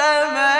السماء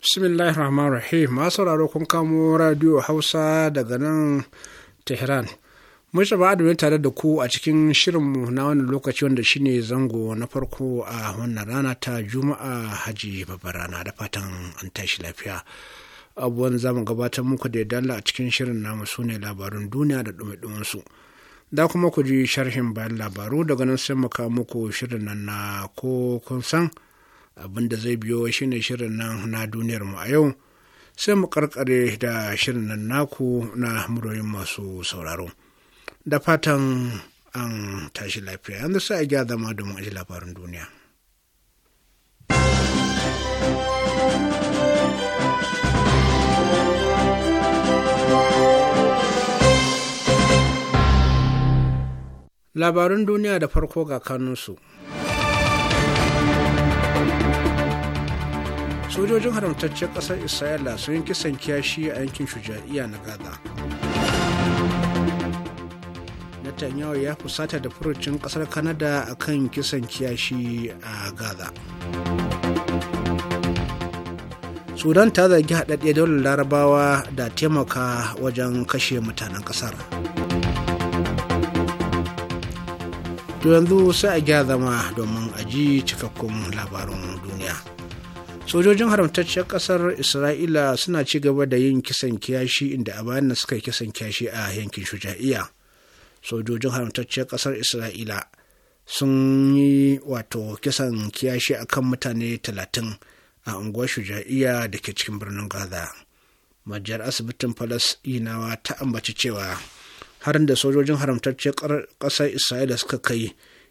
bismillahir rahmanir rahim masu sauraro kun kamo radio hausa daga nan tehran mun shaba adamin tare da ku a cikin shirinmu na wannan lokaci wanda shine zango na farko a wannan rana ta juma'a haji babbar rana da fatan an tashi lafiya abubuwan za mu gabatar muku da dalla a cikin shirin namu su ne labarun duniya da dumi su da kuma ku ji sharhin bayan labaru daga nan sai mu kawo muku shirin nan na ko kun san abin da zai biyo shine shirin nan na duniyar mu a yau sai mu karkare da shirin nan naku na muryoyin masu sauraro da fatan an tashi lafiya yanzu sai a gyara zama domin aji labarin duniya Labarin duniya da farko ga kanunsu sojojin haramtaccen ƙasar isra'ila sun yi kisan kiyashi a yankin shuja'iya na gaza netanyahu ya fusata da furucin ƙasar kanada a kan kisan kiyashi a gaza sudan ta zargi haɗaɗɗe daular larabawa da taimaka wajen kashe mutanen ƙasar to yanzu sai a gya zama domin a ji cikakkun labarin duniya. sojojin haramtacciyar kasar isra'ila suna ci gaba da yin kisan kiyashi inda a bayan suka yi kisan kiyashi a yankin shuja'iya sojojin haramtacciyar kasar isra'ila sun yi wato kisan kiyashi a kan mutane talatin a unguwar shuja'iya da ke cikin birnin gaza majiyar asibitin falasɗinawa ta ambaci cewa harin da sojojin haramtacciyar ƙasar isra'ila suka kai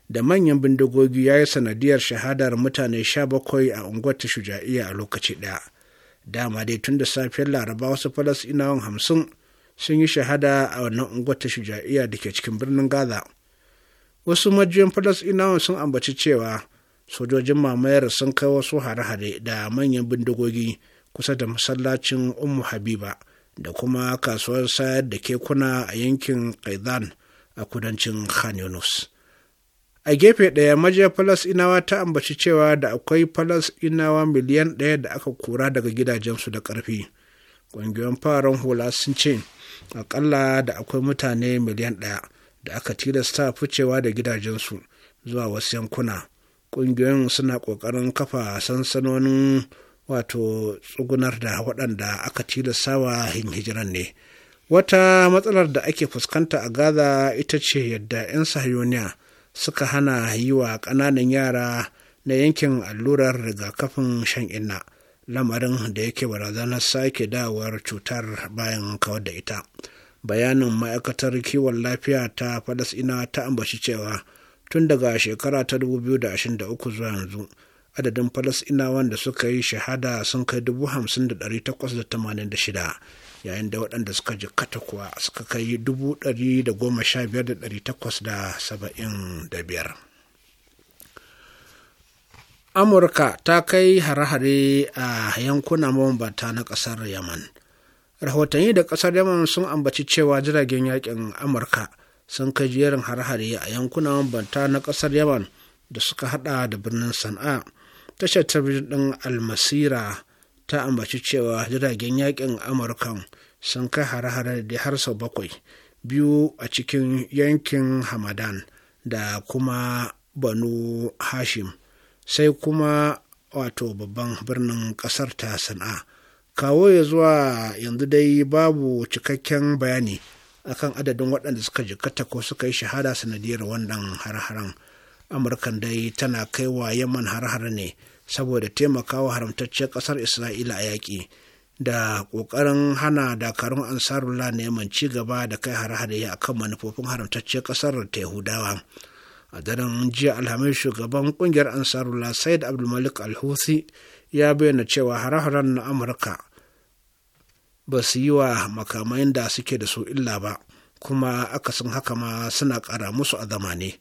da manyan bindigogi ya yi sanadiyar shahadar mutane sha bakwai a unguwar ta shuja'iya a lokaci ɗaya dama dai tun da safiyar laraba wasu falasɗinawan hamsin sun yi shahada a wannan unguwar ta shuja'iya da ke cikin birnin gaza wasu majiyan falasɗinawan sun ambaci cewa sojojin mamayar sun kai wasu hare-hare da manyan bindigogi kusa da masallacin ummu habiba da kuma kasuwar sayar da kekuna a yankin kaidan a kudancin khan yunus a gefe ɗaya falas inawa ta ambaci cewa da akwai falas inawa miliyan ɗaya da aka kura daga gidajensu da ƙarfi ƙungiyoyin fararen hula sun ce aƙalla da akwai mutane miliyan ɗaya da aka tilasta ficewa da gidajensu zuwa wasu yankuna ƙungiyoyin suna ƙoƙarin kafa sansanonin wato tsugunar da waɗanda aka tilasta wa hijiran ne wata matsalar da ake fuskanta a gaza ita ce yadda 'yan sahiyoniya suka hana yi wa ƙananan yara na yankin allurar rigakafin shan inna lamarin da yake barazanar sake dawar cutar bayan kawar da ita bayanin ma'aikatar kiwon lafiya ta falasina ta ambaci cewa tun daga shekara ta 2023 zuwa yanzu adadin falasinawan wanda suka yi shahada sun kai 50,886 yayin da waɗanda suka jikata kuwa suka kai dubu ɗari da goma sha biyar da ɗari takwas da saba'in da biyar amurka ta kai hare-hare a yankuna mabambanta na ƙasar yaman rahotanni da ƙasar yaman sun ambaci cewa jiragen yakin amurka sun kai jerin hare-hare a yankuna mabambanta na ƙasar yaman da suka hada da birnin sana'a tashar talabijin ɗin almasira ta ambaci cewa jiragen yakin amurkan sun kai hare-hare da har sau bakwai biyu a cikin yankin hamadan da kuma banu hashim sai kuma wato babban birnin kasar ta sana'a kawo ya zuwa yanzu dai babu cikakken bayani akan adadin waɗanda suka jikata ko suka yi shahada sanadiyar wannan har-haren amurkan dai tana kaiwa yaman har-har ne saboda taimakawa haramtacciyar ƙasar isra'ila a yaƙi da ƙoƙarin hana dakarun ansarula neman ci gaba da kai hare-hare a kan manufofin haramtacciyar ƙasar ta yahudawa a daren jiya alhamis shugaban ƙungiyar ansarula said abdulmalik alhusi ya bayyana cewa hare-haren na amurka ba su yi wa makamai da suke da su illa ba kuma akasin haka ma suna ƙara musu a zamani.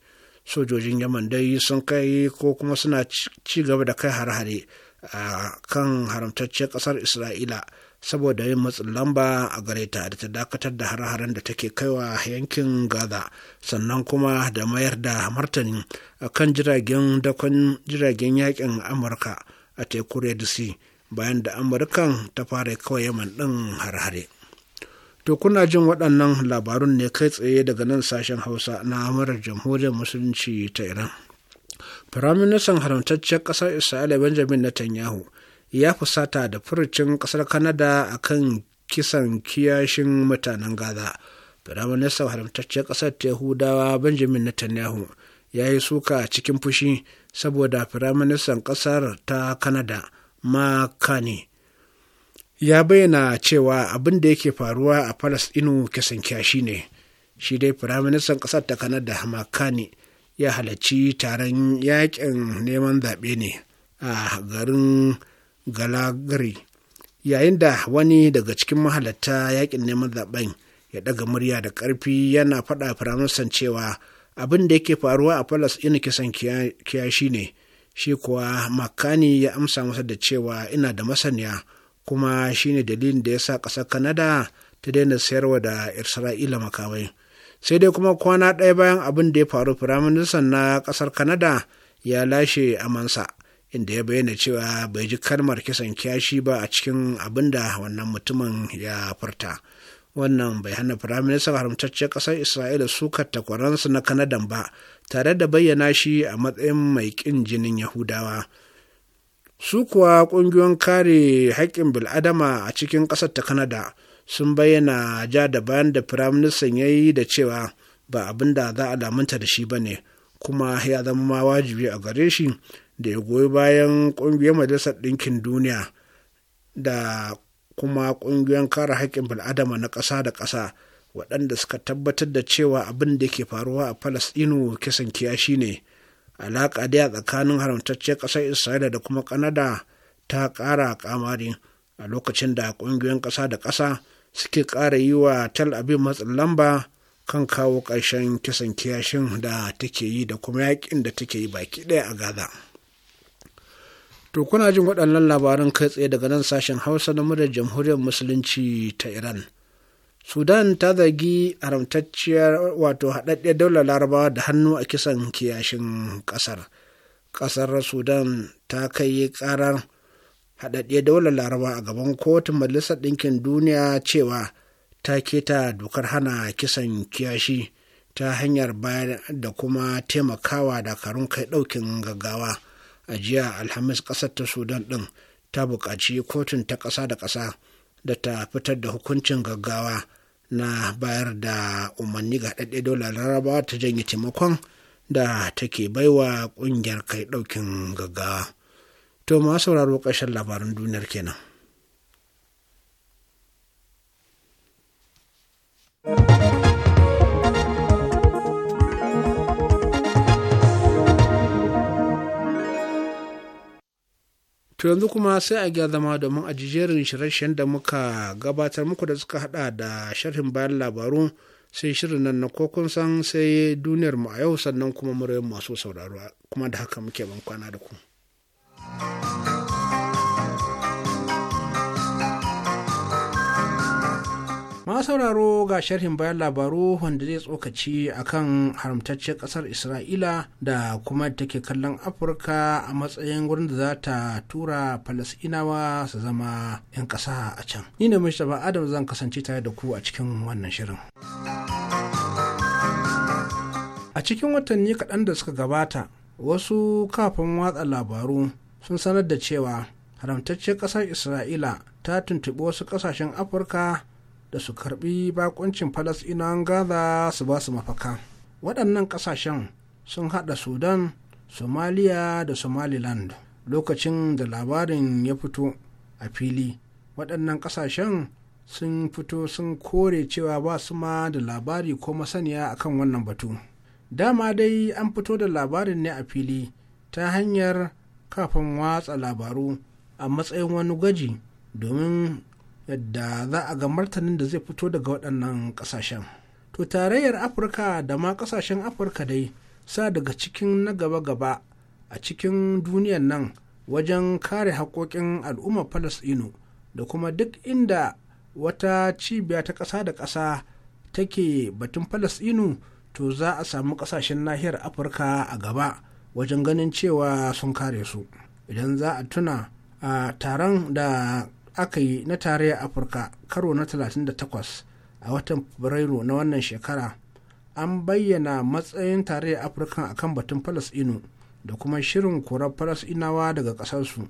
sojojin yaman dai sun kai ko kuma suna ci gaba da kai har-hare a kan haramtacciyar ƙasar isra'ila saboda yin matsin lamba a gare ta da ta dakatar da har-haren da take kaiwa yankin gaza sannan kuma da mayar da martani a kan jiragen dakon jiragen yakin amurka a teku red sea bayan da amurkan ta fara kawai yaman ɗin har-hare. To kuna jin waɗannan labarun ne kai tsaye daga nan sashen Hausa na Amurar Jamhuriyar Musulunci ta Iran. Firaministan haramtaccen ƙasar Isra'ila Benjamin Netanyahu ya fusata da furucin ƙasar Kanada a kan kisan kiyashin mutanen Gaza. Firaministan haramtaccen ƙasar Yahudawa Benjamin Netanyahu ya yi suka cikin fushi saboda firaministan ƙasar ta Kanada Makani ya bayyana cewa abin da yake faruwa a inu kisan kyashi ne. Shi dai Firaministan ƙasar ta Kanada Makani ya halarci taron yakin neman zaɓe ne a garin Galagari. Yayin da wani daga cikin mahalatta yakin neman zaɓen ya daga murya da ƙarfi yana faɗa Firaministan cewa abin da yake faruwa a inu kisan kiyashi ne. Shi kuwa Makani ya amsa masa da cewa ina da masaniya. kuma shine dalilin da ya sa ƙasar kanada ta daina sayarwa da isra'ila makamai sai dai kuma kwana ɗaya bayan abin da ya faru firaministan na ƙasar kanada ya lashe amansa inda ya bayyana cewa bai ji kalmar kisan kyashi ba a cikin abin da wannan mutumin ya furta wannan bai hana firaministan haramtaccen ƙasar isra'ila suka takwaransu na kanadan ba tare da bayyana shi a matsayin mai ƙin jinin yahudawa su kuwa ƙungiyoyin kare haƙƙin bil'adama a cikin ƙasar ta kanada sun bayyana ja da bayan da firaministan ya yi da cewa ba abin da za a lamunta da shi ba ne kuma ya zama ma wajibi a gare shi da ya goyi bayan ƙungiyar majalisar ɗinkin duniya da kuma ƙungiyar kare haƙƙin bil'adama na ƙasa da ƙasa waɗanda suka tabbatar da cewa abin da ke faruwa a falasɗinu kisan kiyashi ne alaƙa dai a tsakanin haramtacciyar ƙasar isra'ila da kuma kanada ta ƙara kamari a lokacin da ƙungiyoyin ƙasa da ƙasa suke ƙara yi wa tel aviv matsin lamba kan kawo ƙarshen kisan kiyashin da take yi da kuma yaƙin da take yi baki ɗaya a gaza to kuna jin waɗannan labaran kai tsaye daga nan sashen hausa na murar jamhuriyar musulunci ta iran sudan ta zagi haramtacciyar wato haɗaɗɗiyar daular larabawa da hannu a kisan kiyashin ƙasar ƙasar sudan ta kai ƙarar haɗaɗɗiyar daular Laraba a gaban kotun majalisar ɗinkin duniya cewa ta keta dokar hana kisan kiyashi ta hanyar bayar da kuma taimakawa dakarun kai ɗaukin gaggawa a jiya alhamis ƙasar ta sudan ɗin ta buƙaci kotun ta ƙasa da ƙasa da ta fitar da hukuncin gaggawa na bayar da umarni ga ɗaɗɗe dola larabawa ta janye taimakon da take baiwa ƙungiyar kai ɗaukin gaggawa to ma sauraro ƙarshen labarin duniyar kenan thank you to yanzu kuma sai a gya zama domin a jijerin shirye da muka gabatar muku da suka hada da sharhin bayan labaru sai shirin nan na kokon san sai duniyar mu a yau sannan kuma murayen masu sauraro kuma da haka muke bankwana da ku. ma sauraro ga sharhin bayan labaru wanda zai tsokaci kan haramtacciyar kasar isra'ila da kuma take kallon afirka a matsayin wurin da za ta tura falasinawa su zama 'yan kasa a can ni ne mai adam zan kasance tare da ku a cikin wannan shirin a cikin watanni kaɗan da suka gabata wasu kafin watsa labaru sun sanar da cewa haramtacciyar ƙasar isra'ila ta tuntuɓi wasu ƙasashen afirka da su karbi bakuncin falasɗinawan gaza su ba su mafaka waɗannan ƙasashen sun haɗa sudan Somalia, da somaliland lokacin da labarin ya fito a fili waɗannan ƙasashen sun fito sun kore cewa ba su ma da labari ko masaniya a kan wannan batu dama dai an fito da labarin ne a fili ta hanyar kafin watsa labaru a matsayin wani gwaji domin yadda za a ga martanin da zai fito daga waɗannan ƙasashen to tarayyar afirka da ma ƙasashen afirka dai sa daga cikin na gaba-gaba a cikin duniyar nan wajen kare haƙoƙin al'ummar falasɗinu da kuma duk inda wata cibiya ta ƙasa da ƙasa take batun falasɗinu to za a samu ƙasashen nahiyar afirka a gaba wajen ganin cewa sun kare su idan za a tuna a taron da aka yi na tarayyar afirka karo na 38 a watan fabrairu na wannan shekara an bayyana matsayin tarayyar afirka a kan batun falasɗinu da kuma shirin korar Inawa daga ƙasarsu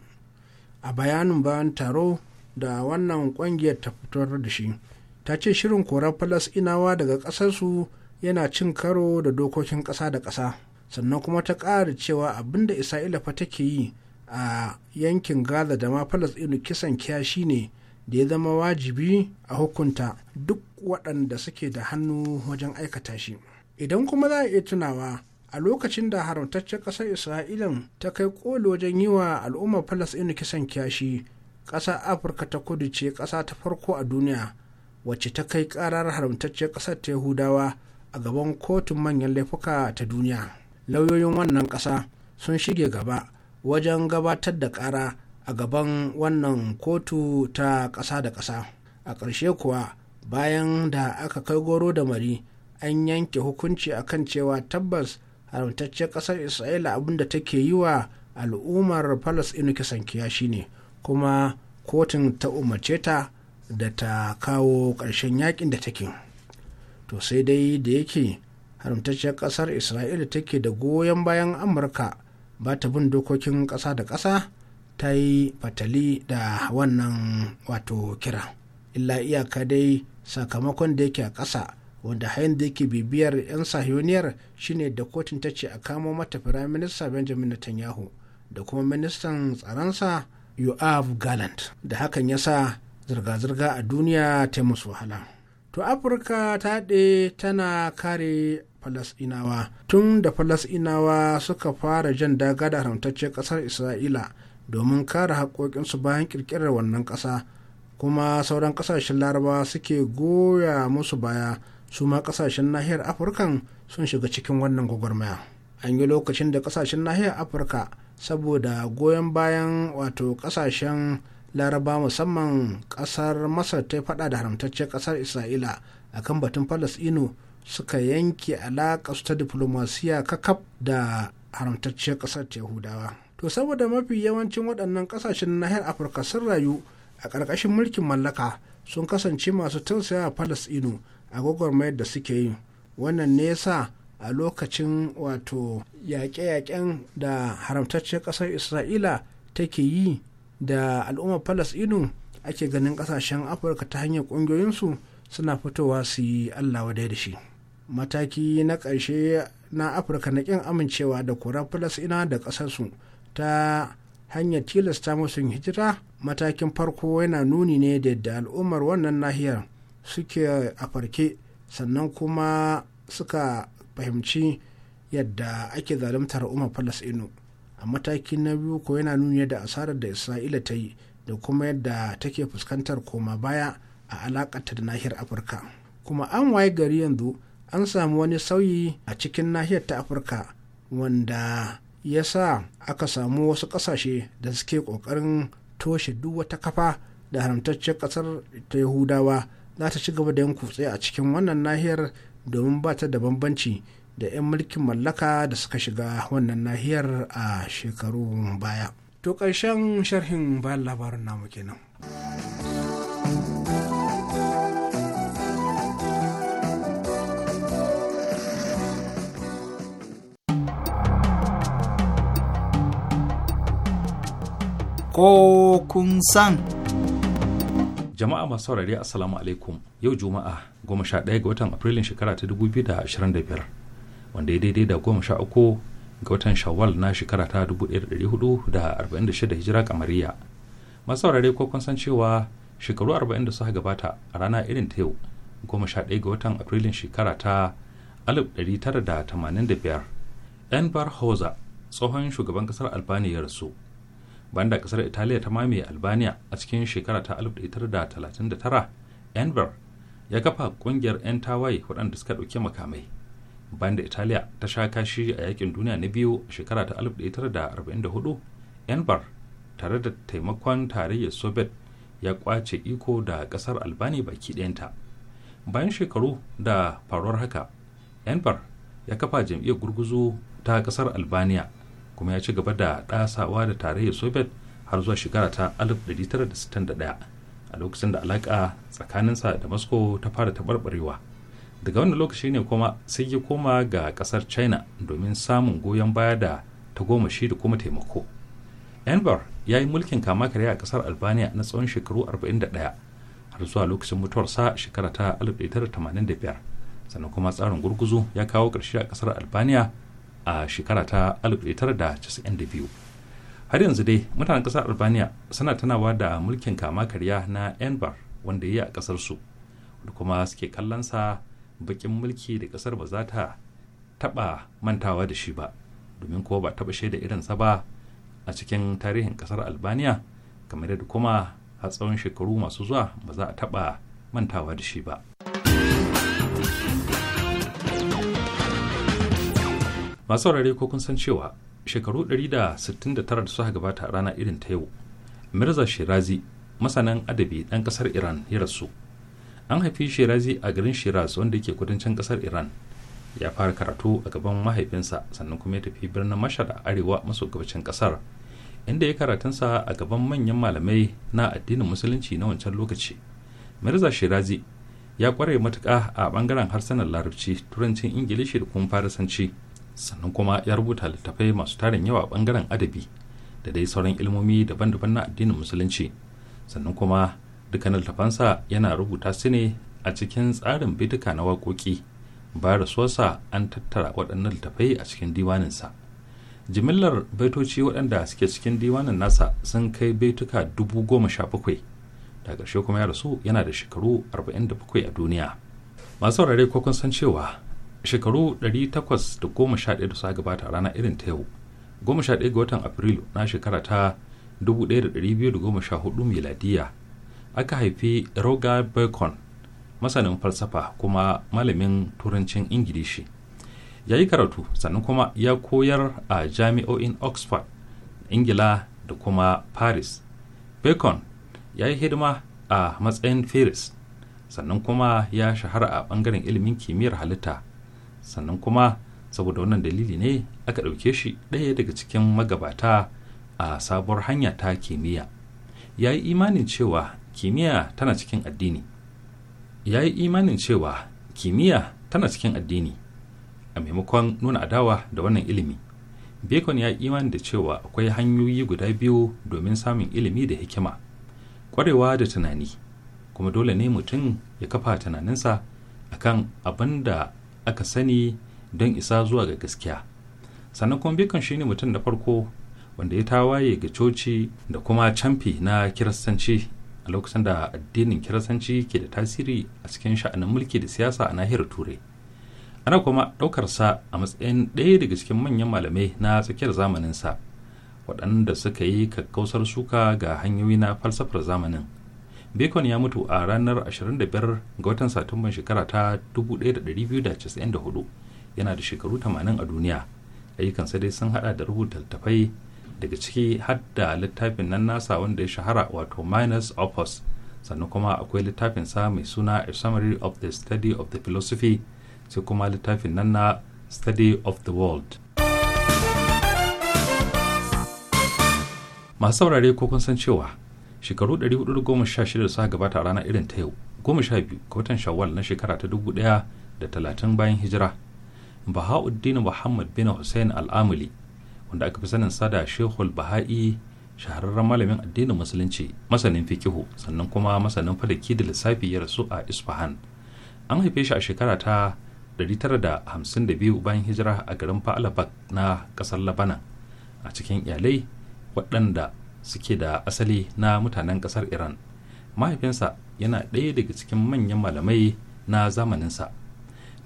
a bayanin bayan taro da wannan ƙungiyar ta fitar da shi ta ce shirin korar Inawa daga ƙasarsu yana cin karo da dokokin ƙasa da ƙasa sannan kuma ta ƙara cewa abinda da isra'ila fa take yi a yankin gaza da ma Falas inu kisan kiyashi ne da ya zama wajibi a hukunta duk waɗanda suke da hannu wajen aikata shi idan kuma za a iya tunawa a lokacin da haramtaccen ƙasar isra'ilan ta kai ƙoli wajen yi wa al'ummar Falas inu kisan kiyashi ƙasa afirka ta kudu ce ƙasa ta farko a duniya wacce ta kai ƙarar haramtaccen ƙasar ta yahudawa a gaban kotun manyan laifuka ta duniya lauyoyin wannan ƙasa sun shige gaba wajen gabatar da ƙara a gaban wannan kotu ta ƙasa da ƙasa a ƙarshe kuwa bayan da aka kai goro da mari an yanke hukunci a kan cewa tabbas haramtaccen ƙasar isra'ila abinda take yi wa al'ummar inu kisan shi ne kuma kotun ta umarce ta da ta kawo ƙarshen yakin da take to sai dai da yake haramtacciyar ƙasar isra'ila take da goyon bayan amurka ba ta bin dokokin ƙasa da ƙasa ta yi fatali da wannan wato kira illa iyaka dai sakamakon da yake a ƙasa wanda hayan da yake bibiyar 'yan sahiyoniyar shine da kotun ta ce a kamo mata firaminista benjamin netanyahu da kuma ministan tsaronsa yoav gallant da hakan ya sa zirga-zirga a duniya ta musu wahala to afirka ta haɗe tana kare falasinawa tun da falasinawa suka fara jan daga da haramtacciyar ƙasar isra'ila domin kare haƙoƙinsu bayan ƙirƙirar wannan ƙasa kuma sauran ƙasashen larabawa suke goya musu baya su ma ƙasashen nahiyar afirkan sun shiga cikin wannan gwagwarmaya an yi lokacin da ƙasashen nahiyar afirka saboda goyon bayan wato ƙasashen laraba musamman ƙasar masar ta faɗa da haramtacciyar ƙasar isra'ila akan batun falasino suka yanke alaƙa ta diflomasiya kakaf da haramtacciyar ƙasar yahudawa to saboda mafi yawancin waɗannan ƙasashen nahiyar afirka sun rayu a ƙarƙashin mulkin mallaka sun kasance masu tausaya falasɗinu a mayar da suke yi wannan ne yasa a lokacin wato yaƙe-yaƙen da haramtacciyar ƙasar isra'ila take yi da al'ummar palestino ake ganin ƙasashen afirka ta hanyar ƙungiyoyinsu suna fitowa su yi allah wadai da shi mataki na ƙarshe na afirka na ƙin amincewa da plus Ina da ƙasarsu ta hanyar tilasta musu hijira matakin farko yana nuni ne da yadda al'ummar wannan nahiyar suke a farke sannan kuma suka fahimci yadda ake zaluntar umar ino a mataki na biyu ko yana nuni da asarar da isra'ila ta yi da kuma yadda take fuskantar koma baya a alakata da nahiyar afirka kuma an waye gari yanzu an samu wani sauyi a cikin nahiyar ta afirka wanda ya sa aka samu wasu kasashe da suke ƙoƙarin toshe duk wata kafa da haramtaccen ƙasar ta yahudawa za ta ci gaba da yin kutse a cikin wannan nahiyar domin ba ta da bambanci da 'yan mulkin mallaka da suka shiga wannan nahiyar a shekaru baya to ƙarshen sharhin bayan labarin namu kenan. ko kun san. Jama'a masu saurari Assalamu alaikum yau Juma'a goma sha ɗaya ga watan Afrilun shekara ta dubu biyu da ashirin da biyar wanda ya daidai da goma sha uku ga watan Shawwal na shekara ta dubu ɗaya da ɗari hudu da arba'in da shida hijira kamariya. Masu saurari ko kun san cewa shekaru arba'in da suka gabata a rana irin ta yau goma sha ɗaya ga watan Afrilun shekara ta alif ɗari tara da tamanin da biyar. Enver Hoxha tsohon shugaban ƙasar Albania ya rasu banda kasar italiya ta mamaye albania a cikin shekara ta 1939 enver ya kafa kungiyar 'yan tawaye waɗanda suka ɗauke makamai banda italiya ta sha kashi a yakin duniya na biyu a shekara ta 1944 enver tare da taimakon tarayyar soviet ya kwace iko da kasar albania baki ɗayanta bayan shekaru da faruwar haka enver ya kafa jam'iyyar gurguzu ta kasar albania kuma ya ci gaba da ɗasawa da tarayyar soviet har zuwa shekara ta 1961 a lokacin da alaƙa tsakaninsa da moscow ta fara taɓarɓarewa daga wannan lokaci ne kuma sai ya koma ga ƙasar china domin samun goyon baya da ta tagomashi da kuma taimako enver ya yi mulkin kama karya a ƙasar albania na tsawon shekaru 41 har zuwa lokacin mutuwarsa shekara ta 1985 sannan kuma tsarin gurguzu ya kawo ƙarshe a ƙasar albania a shekara ta 1992 har yanzu dai mutanen ƙasar albania suna tanawa da mulkin kama karya na enbar wanda ya yi a ƙasarsu da kuma suke kallonsa bakin mulki da ƙasar ba za ta taɓa mantawa da shi ba domin kuwa ba taba shaida irinsa ba a cikin tarihin ƙasar albania kamar da kuma a tsawon shekaru masu zuwa ba za a taɓa mantawa da shi ba. masu saurare ko kun san cewa shekaru 169 da suka gabata a rana irin ta yau mirza shirazi masanan adabi ɗan ƙasar iran ya rasu an haifi shirazi a garin shiraz wanda ke kudancin ƙasar iran ya fara karatu a gaban mahaifinsa sannan kuma ya tafi birnin mashar a arewa maso gabacin ƙasar inda ya karatunsa a gaban manyan malamai na addinin musulunci na wancan lokaci mirza shirazi ya kware matuƙa a ɓangaren harsunan larabci turancin ingilishi da kuma farisanci sannan kuma ya rubuta littattafai masu tarin yawa a bangaren adabi da dai sauran ilmomi daban-daban na addinin musulunci sannan kuma dukkan littafansa yana rubuta su ne a cikin tsarin bidika na waƙoƙi ba rasuwarsa an tattara waɗannan littattafai a cikin diwaninsa jimillar baitoci waɗanda suke cikin diwanin nasa sun kai baituka dubu goma sha bakwai da ƙarshe kuma ya rasu yana da shekaru arba'in da bakwai a duniya masu saurare ko san cewa shekaru 811 da suka gabata a rana irin ta yau 11 ga watan afrilu na shekara ta 1214 miladiya aka haifi roger bacon masanin falsafa kuma malamin turancin ingilishi ya yi karatu sannan kuma ya koyar a jami'o'in oxford ingila da kuma paris bacon ya yi hidima a matsayin ferris sannan kuma ya shahara a bangaren ilimin kimiyyar halitta sannan kuma saboda wannan dalili ne aka ɗauke shi ɗaya daga cikin magabata a sabuwar hanya ta kimiyya ya yi imanin cewa kimiyya tana cikin addini ya yi imanin cewa kimiyya tana cikin addini a maimakon nuna adawa da wannan ilimi bacon ya yi imanin da cewa akwai hanyoyi guda biyu domin samun ilimi da hikima kwarewa da tunani kuma dole ne mutum ya kafa tunaninsa akan abin da aka sani don isa zuwa ga gaskiya sannan kuma bikan ne mutum da farko wanda ya tawaye ga coci da kuma camfi na kiristanci a lokacin da addinin kiristanci ke da tasiri a cikin sha'anin mulki da siyasa a nahiyar turai ana kuma ɗaukarsa a matsayin ɗaya daga cikin manyan malamai na tsakiyar zamaninsa waɗanda suka yi kakkausar suka ga hanyoyi na falsafar zamanin bacon ya mutu a ranar 25 ga watan satumban shekara ta 1294 yana da shekaru 80 a duniya ayyukansa dai sun hada da rubuta littafai daga ciki har da littafin nan nasa wanda ya shahara wato minus opus sannan kuma akwai littafinsa mai suna a summary of the study of the philosophy sai kuma littafin nan na study of the world masu saurare ko kun san cewa shekaru 416 suka gabata a ranar irin ta yau 12 ga watan shawwal na shekara ta 1030 bayan hijira baha'uddin muhammad bin hussein al'amuli wanda aka fi sanin sada shehul baha'i shahararren malamin addinin musulunci masanin fikihu sannan kuma masanin falaki da lissafi ya rasu a isfahan an haife shi a shekara ta 952 bayan hijira a garin fa'alabak na ƙasar labanan a cikin iyalai waɗanda suke da asali na mutanen ƙasar iran mahaifinsa yana ɗaya daga cikin manyan malamai na zamaninsa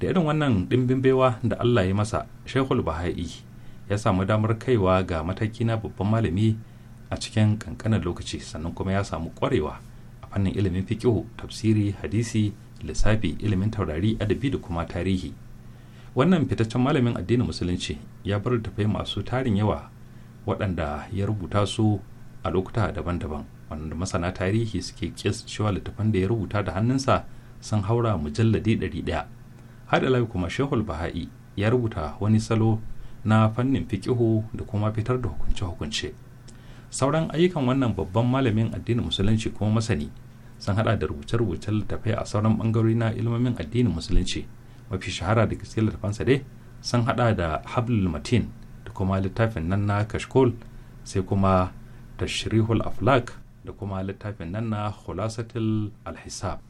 da irin wannan ɗimbin baiwa da allah ya masa shekul baha'i ya samu damar kaiwa ga mataki na babban malami a cikin kankanin lokaci sannan kuma ya samu ƙwarewa a fannin ilimin fikihu tafsiri hadisi lissafi ilimin taurari adabi da kuma tarihi wannan fitaccen malamin addinin musulunci ya bar tafai masu tarin yawa waɗanda ya rubuta su a lokuta daban-daban wanda masana tarihi suke kiyasta cewa littafan da ya rubuta da hannunsa sun haura mujalladi ɗari ɗaya haɗa ila kuma shehul baha'i ya rubuta wani salo na fannin fikihu da kuma fitar da hukunce-hukunce sauran ayyukan wannan babban malamin addinin musulunci kuma masani sun hada da rubuce-rubucen littafai a sauran bangarori na ilmomin addinin musulunci mafi shahara da gaske littafansa dai sun hada da hablul matin da kuma littafin nan na kashkol sai kuma tashrihul aflak da kuma littafin nan na khulasatul alhisab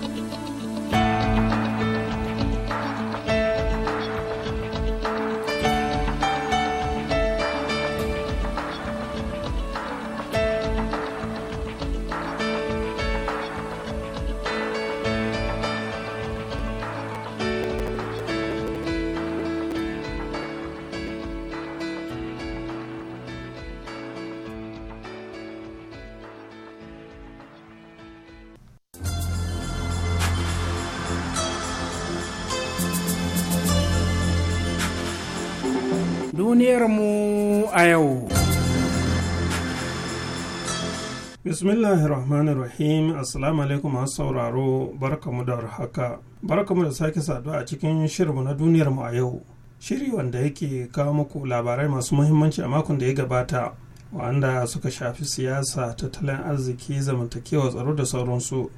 duniyarmu a yau. Bismillahirrahmanirrahim Assalamu alaikum masu sauraro barkamu da haka. Barkamu da sake saduwa a cikin shirinmu na duniyar mu a yau. Shiri wanda yake kawo muku labarai masu muhimmanci a makon da ya gabata, wanda suka shafi siyasa, tattalin arziki, zamantakewa tsaro da sauransu.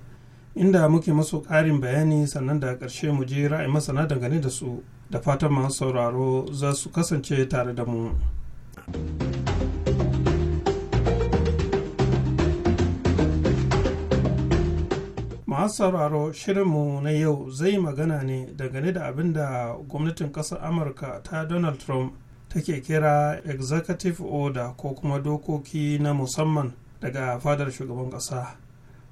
Inda muke masu ƙarin bayani sannan da ƙarshe mu je ra'ayi masana dangane da su. da fatan masu sauraro za su kasance tare da mu. masu sauraro shirinmu na yau zai magana ne dangane da abin da gwamnatin ƙasar amurka ta donald trump take kira executive order ko kuma dokoki na musamman daga fadar shugaban ƙasa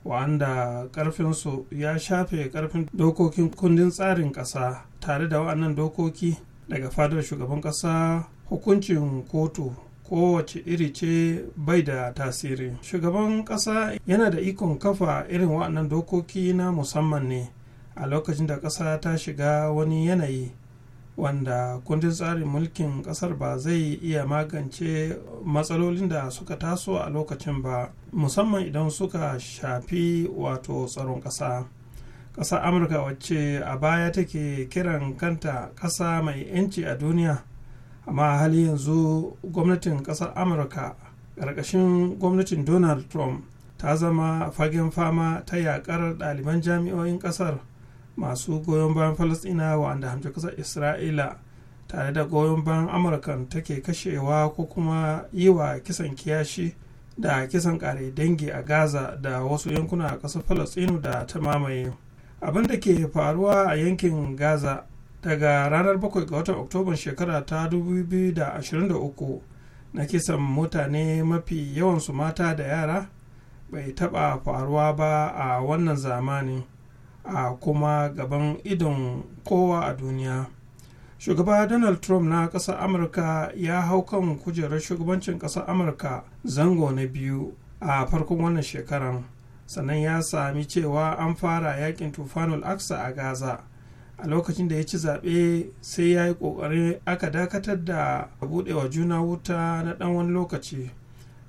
wa'anda ƙarfinsu ya shafe ƙarfin dokokin kundin tsarin ƙasa tare da wa'annan dokoki daga fadar shugaban ƙasa hukuncin kotu kowace iri ce bai da tasiri shugaban ƙasa yana da ikon kafa irin wa'annan dokoki na musamman ne a lokacin da ƙasa ta shiga wani yanayi wanda kundin tsarin mulkin kasar ba zai iya magance matsalolin da suka taso a lokacin ba musamman idan suka shafi wato tsaron ƙasa ƙasar amurka wacce a baya take kiran kanta ƙasa mai 'yanci a duniya amma hali yanzu gwamnatin ƙasar amurka ƙarƙashin gwamnatin donald trump ta zama fagen fama ta yaƙar ɗaliban jami'o'in ƙasar masu goyon bayan falasɗinawa wanda hamshe ƙasar isra'ila tare da goyon bayan amurkan take kashewa ko kuma yi wa kisan kiyashi da kisan ƙare dangi a gaza da wasu yankuna a ƙasar falasɗinu da ta mamaye abin da ke faruwa a yankin gaza daga ranar 7 ga watan oktoban shekara ta 2023 na kisan mutane mafi yawan su mata da yara bai taɓa faruwa ba a wannan zamani. a kuma gaban idon kowa a duniya shugaba donald trump na ƙasar amurka ya hau kan kujerar shugabancin ƙasar amurka zango na biyu a farkon wannan shekaran sannan ya sami cewa an fara yakin tufanul aksa a gaza a lokacin da ya ci zaɓe sai ya yi ƙoƙari aka dakatar da buɗewa juna wuta na ɗan wani lokaci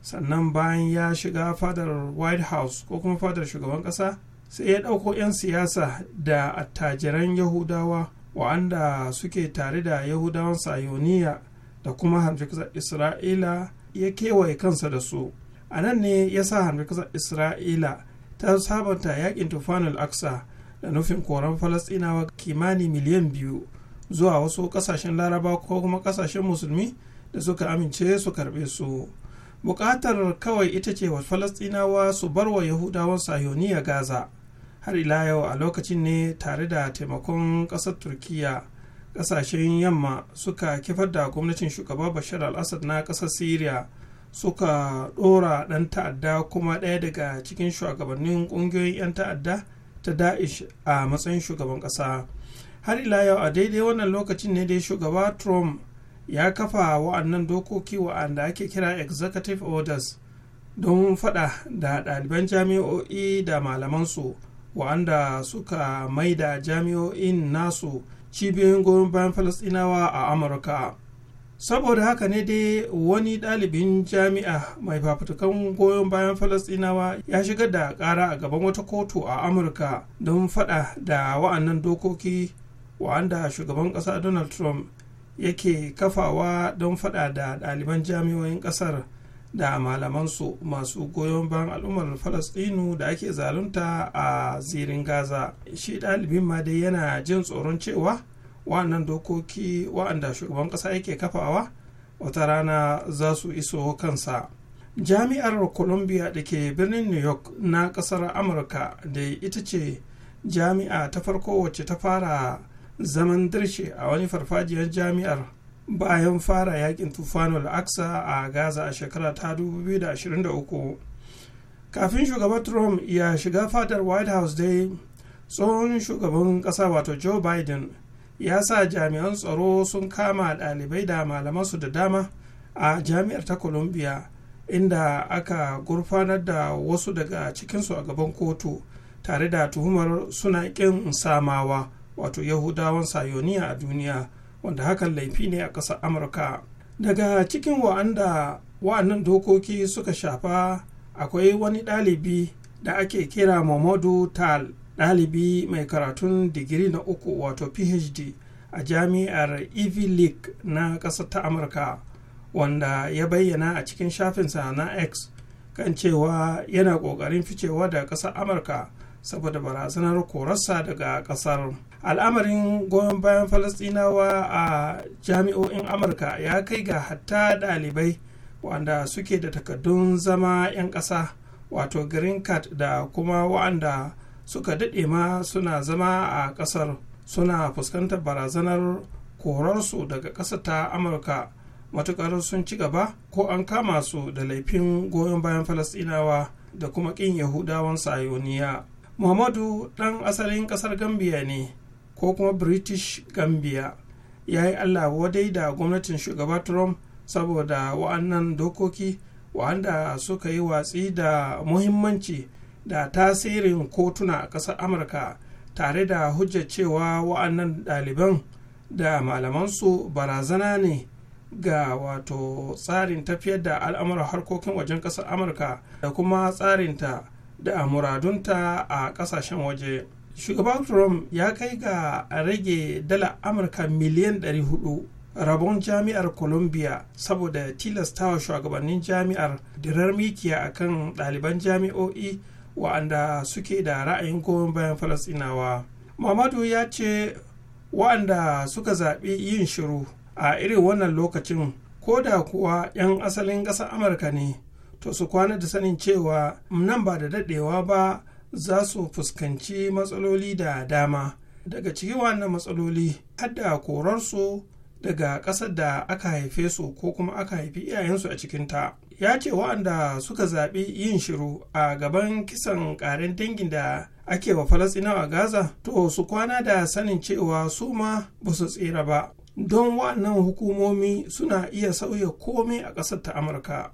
sannan bayan ya shiga fadar white house ko kuma fadar shugaban ƙasa sai ya ɗauko 'yan siyasa da attajiran yahudawa wa'anda suke tare da yahudawan sayoniya da kuma hamfikasar isra'ila ya kewaye kansa da su a nan ne ya sa hamfikasar isra'ila ta sabanta yakin tufanul aksa da nufin koran falasinawa kimanin miliyan biyu zuwa wasu kasashen laraba ko kuma kasashen musulmi da suka amince su karbe su buƙatar kawai ita ce wa falasinawa su bar wa yahudawan sayoniya gaza har ila yau a lokacin ne tare da taimakon ƙasar turkiya ƙasashen yamma suka kifar da gwamnatin shugaba bashar al-assad na ƙasar syria suka ɗora ɗan ta'adda kuma ɗaya daga cikin shugabannin ƙungiyoyin 'yan ta'adda ta da'ish a matsayin shugaban ƙasa har ila yau a daidai wannan lokacin ne dai shugaba trump ya kafa wa'annan dokoki wa'anda ake kira executive orders don faɗa da ɗaliban jami'o'i da malamansu wa'anda suka maida jami'o'in nasu cibiyoyin goyon bayan falasɗinawa a amurka saboda haka ne dai wani ɗalibin jami'a mai fafutukan goyon bayan falasɗinawa ya shiga da ƙara a gaban wata kotu a amurka don faɗa da wa'annan dokoki wa'anda shugaban ƙasa donald trump yake kafawa don faɗa da ɗaliban jami'o'in ƙasar da malamansu masu goyon bayan al'ummar falastinu da ake zalunta a zirin gaza shi ɗalibin ma dai yana jin tsoron cewa wa'annan dokoki wa'anda shugaban ƙasa yake kafawa wata rana za su iso kansa jami'ar columbia da ke birnin new york na ƙasar amurka da ita ce jami'a ta farko wacce ta fara zaman dirshe a wani farfajiyar jami'ar bayan fara yakin tufanul aksa a gaza a shekara ta 2023 kafin shugaban trump ya shiga fadar white house dai tsohon shugaban kasa wato joe biden ya sa jami'an tsaro sun kama ɗalibai da malamansu da dama a jami'ar ta columbia inda aka gurfanar da wasu daga cikinsu a gaban kotu tare da tuhumar suna kin samawa wato yahudawan sayoniya a duniya wanda hakan laifi ne a ƙasar amurka daga cikin wa'anda wa'annan dokoki suka shafa akwai wani ɗalibi da ake kira mamadu tal ɗalibi mai karatun digiri na uku wato phd a jami'ar ivy league na ƙasar ta amurka wanda ya bayyana a cikin shafinsa na x kan cewa yana ƙoƙarin ficewa da ƙasar amurka saboda barazanar korarsa daga kasar al'amarin goyon bayan falastinawa a jami'o'in amurka ya kai ga hatta ɗalibai wanda suke da takaddun zama 'yan ƙasa wato green card da kuma wa'anda suka daɗe ma suna zama a ƙasar suna fuskantar barazanar korarsu daga ƙasa ta amurka matuƙar sun ci gaba ko an kama su da laifin goyon bayan falasɗinawa da kuma ƙin yahudawan sayoniya muhammadu ɗan asalin ƙasar gambia ne ko kuma british gambia ya yi allah wadai da gwamnatin shugaba trump saboda wa'annan dokoki wa'anda suka yi watsi da muhimmanci da tasirin kotuna a ƙasar amurka tare da hujjar cewa wa'annan ɗaliban da malamansu barazana ne ga wato tsarin tafiyar da al'amuran harkokin wajen ƙasar amurka da kuma tsarinta da muradunta a kasashen waje shugaban trump ya kai ga rage dala amurka miliyan 400 rabon jami'ar columbia saboda tilastawa shugabannin jami'ar dirar mikiya a kan ɗaliban jami'o'i wa'anda suke da ra'ayin goyon bayan falasinawa mamadu ya ce wa'anda suka zaɓi yin shiru a irin wannan lokacin ko da kuwa 'yan asalin ƙasar amurka ne to su kwana da sanin cewa nan ba da daɗewa ba za su fuskanci matsaloli da dama daga cikin wannan matsaloli hadda korarsu daga ƙasar da aka haife su ko kuma aka haifi iyayensu a cikinta ya ce wa'anda suka zaɓi yin shiru a gaban kisan ƙaren dangin da ake wa falasinawa gaza to su kwana da sanin cewa su ma ba su tsira ba don wa'annan hukumomi suna iya sauya komai a ƙasar ta amurka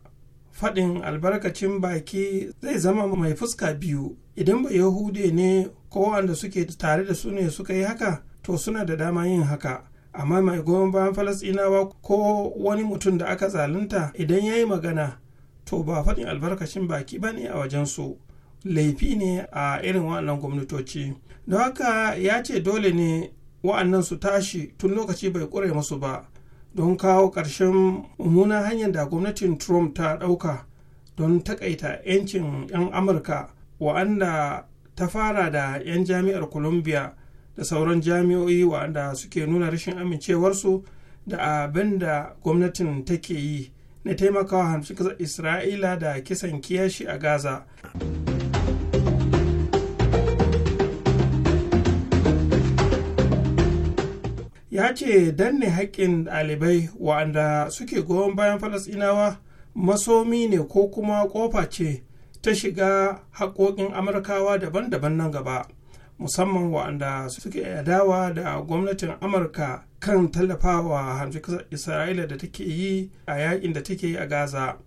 faɗin albarkacin baki zai zama mai fuska biyu idan ba yahude ne ko wanda suke tare da su ne suka yi haka to suna da dama yin haka amma mai goyon bayan falasɗinawa ko wani mutum da aka zalunta idan ya yi magana to ba faɗin albarkacin baki ba ne a wajensu laifi ne a irin wannan gwamnatoci Da haka ya ce dole ne wa'annan su tashi tun lokaci bai ƙure musu ba don kawo ƙarshen mummunan hanyar da gwamnatin trump ta ɗauka don takaita 'yancin 'yan amurka wa'anda ta fara da 'yan jami'ar columbia da sauran jami'o'i wa'anda suke nuna rashin amincewarsu da abin da gwamnatin take yi na taimakawa hamsin isra'ila da kisan kiyashi a gaza. ya ce danne haƙƙin ɗalibai wa'anda suke goyon bayan falasɗinawa masomi ne ko kuma ƙofa ce ta shiga haƙoƙin amurkawa daban-daban nan gaba musamman wa'anda suke adawa da gwamnatin amurka kan tallafawa hamsin isra'ila da take yi a yaƙin da take yi a gaza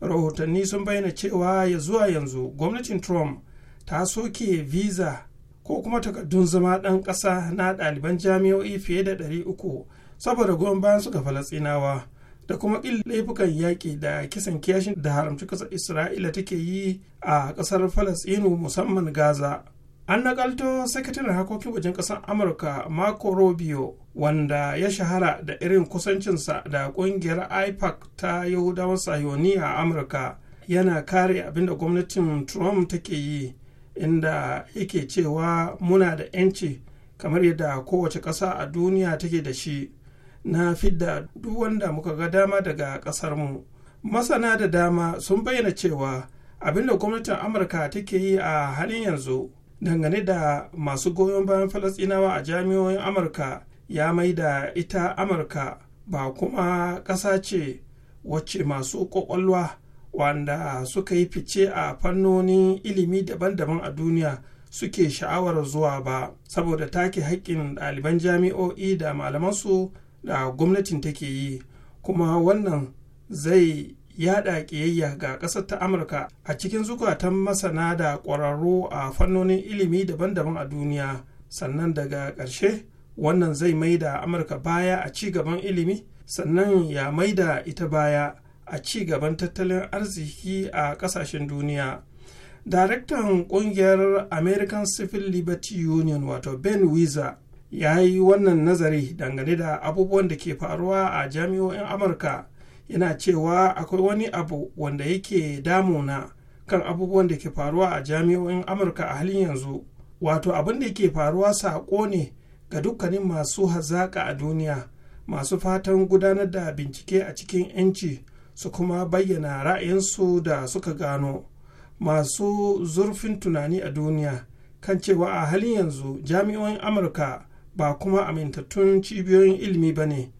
rahotanni sun bayyana cewa ya zuwa yanzu gwamnatin trump ta soke visa ko kuma takardun zama ɗan ƙasa na ɗaliban jami'o'i fiye da ɗari uku saboda goyon bayan su ga falasinawa da kuma ƙin laifukan yaƙi da kisan kiyashin da haramci ƙasar isra'ila take yi a ƙasar falasinu musamman gaza an nakalto sakataren harkokin wajen ƙasar amurka marco rubio wanda ya shahara da irin kusancinsa da ƙungiyar ipac ta yahudawan sayoni a amurka yana kare abinda gwamnatin trump take yi inda yake cewa muna da 'yanci kamar yadda kowace ƙasa a duniya take da shi na fidda duk wanda muka ga dama daga ƙasarmu masana da dama sun bayyana cewa abinda gwamnatin amurka take yi a halin yanzu dangane da masu goyon bayan falasinawa a jami'o'in amurka ya mai da ita amurka ba kuma ƙasa ce wacce masu ƙwaƙwalwa wanda suka yi fice a fannonin ilimi daban-daban a duniya suke sha'awar zuwa ba saboda take haƙƙin ɗaliban jami'o'i da malamansu da gwamnatin take yi kuma wannan zai yada ƙiyayya ga ƙasar ta amurka a cikin zukatan masana da ƙwararru a fannonin ilimi daban-daban a duniya sannan daga ƙarshe wannan zai maida amurka baya a ci gaban ilimi sannan ya maida ita baya a ci gaban tattalin arziki a kasashen duniya daraktan kungiyar american civil liberty union wato ben wiza ya yi wannan nazari dangane da abubuwan da ke faruwa a jami'o'in amurka yana cewa akwai wani abu wanda yake damuna kan abubuwan da ke faruwa a jami'o'in amurka a halin yanzu wato abin da ke faruwa saƙo ne ga dukkanin masu hazaƙa a duniya masu fatan gudanar da bincike a cikin 'yanci su kuma bayyana ra'ayinsu da suka gano masu zurfin tunani a duniya kan cewa a halin yanzu jami'o'in amurka ba kuma amintattun cibiyoyin ilimi ba ne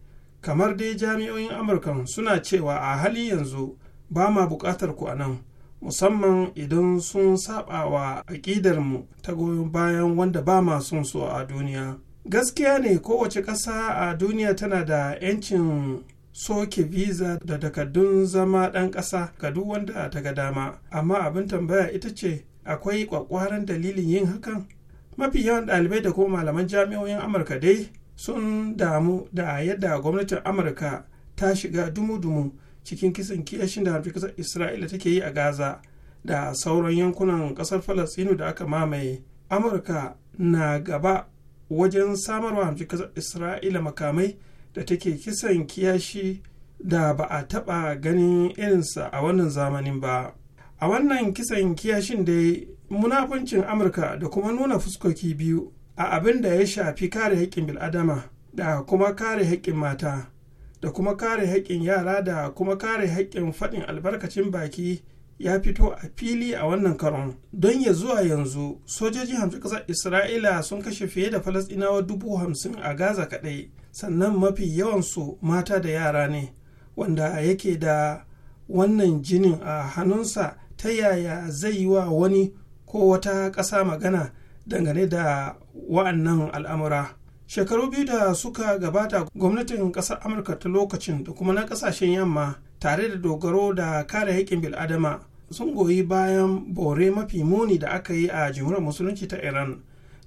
kamar dai jami'o'in amurkan suna cewa a halin yanzu ba ma buƙatar ku a nan musamman idan sun saba wa aƙidarmu ta goyon bayan wanda ba ma son so a duniya gaskiya ne kowace ƙasa a duniya tana da 'yancin soke visa da takaddun zama ɗan ƙasa ga duk wanda ta ga dama amma abin tambaya ita ce akwai kwakwaran dalilin yin hakan mafi yawan ɗalibai da kuma malaman jami'o'in amurka dai sun damu da yadda gwamnatin amurka ta shiga dumu-dumu cikin kisan kiyashin da kasar isra'ila take yi a gaza da sauran yankunan ƙasar falastinu da aka mamaye amurka na gaba wajen samarwa kasar isra'ila makamai da take kisan kiyashi da ba a taɓa ganin irinsa a wannan zamanin ba a wannan kisan kiyashin dai munafuncin amurka da kuma nuna fuskoki biyu a abin da ya shafi kare haƙƙin bil'adama da kuma kare haƙƙin mata da kuma kare haƙƙin yara da kuma kare haƙƙin faɗin albarkacin baki ya fito a fili a wannan karon don ya zuwa yanzu sojoji hamsin ƙasar isra'ila sun kashe fiye da falasɗinawa dubu hamsin a gaza kaɗai sannan mafi yawansu mata da yara ne wanda yake da wannan jinin a hannunsa ta yaya zai yi wa wani ko wata ƙasa magana dangane da wa'annan al'amura shekaru biyu da suka gabata gwamnatin ƙasar amurka ta lokacin da kuma na ƙasashen yamma tare da dogaro da kare haƙƙin bil'adama sun goyi bayan bore mafi muni da aka yi a jimhuriyar musulunci ta iran